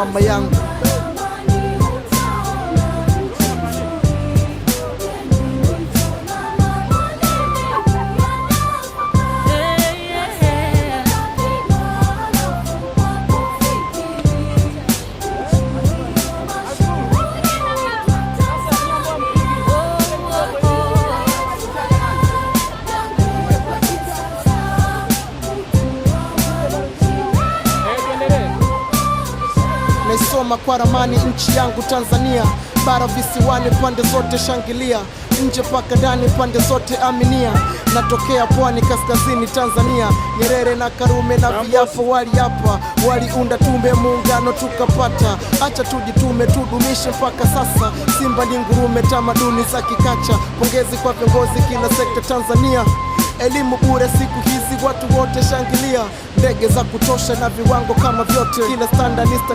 ความมายัง naisoma kwa ramani nchi yangu Tanzania, bara visiwani, pande zote shangilia, nje paka ndani, pande zote aminia. Natokea pwani kaskazini Tanzania, Nyerere na Karume na Viafo waliapa, waliunda tume muungano tukapata. Acha tujitume, tudumishe mpaka sasa, Simba ni ngurume, tamaduni za kikacha. Pongezi kwa viongozi kila sekta Tanzania, elimu bure siku hizi, watu wote shangilia, ndege za kutosha na viwango kama vyote, kila standardista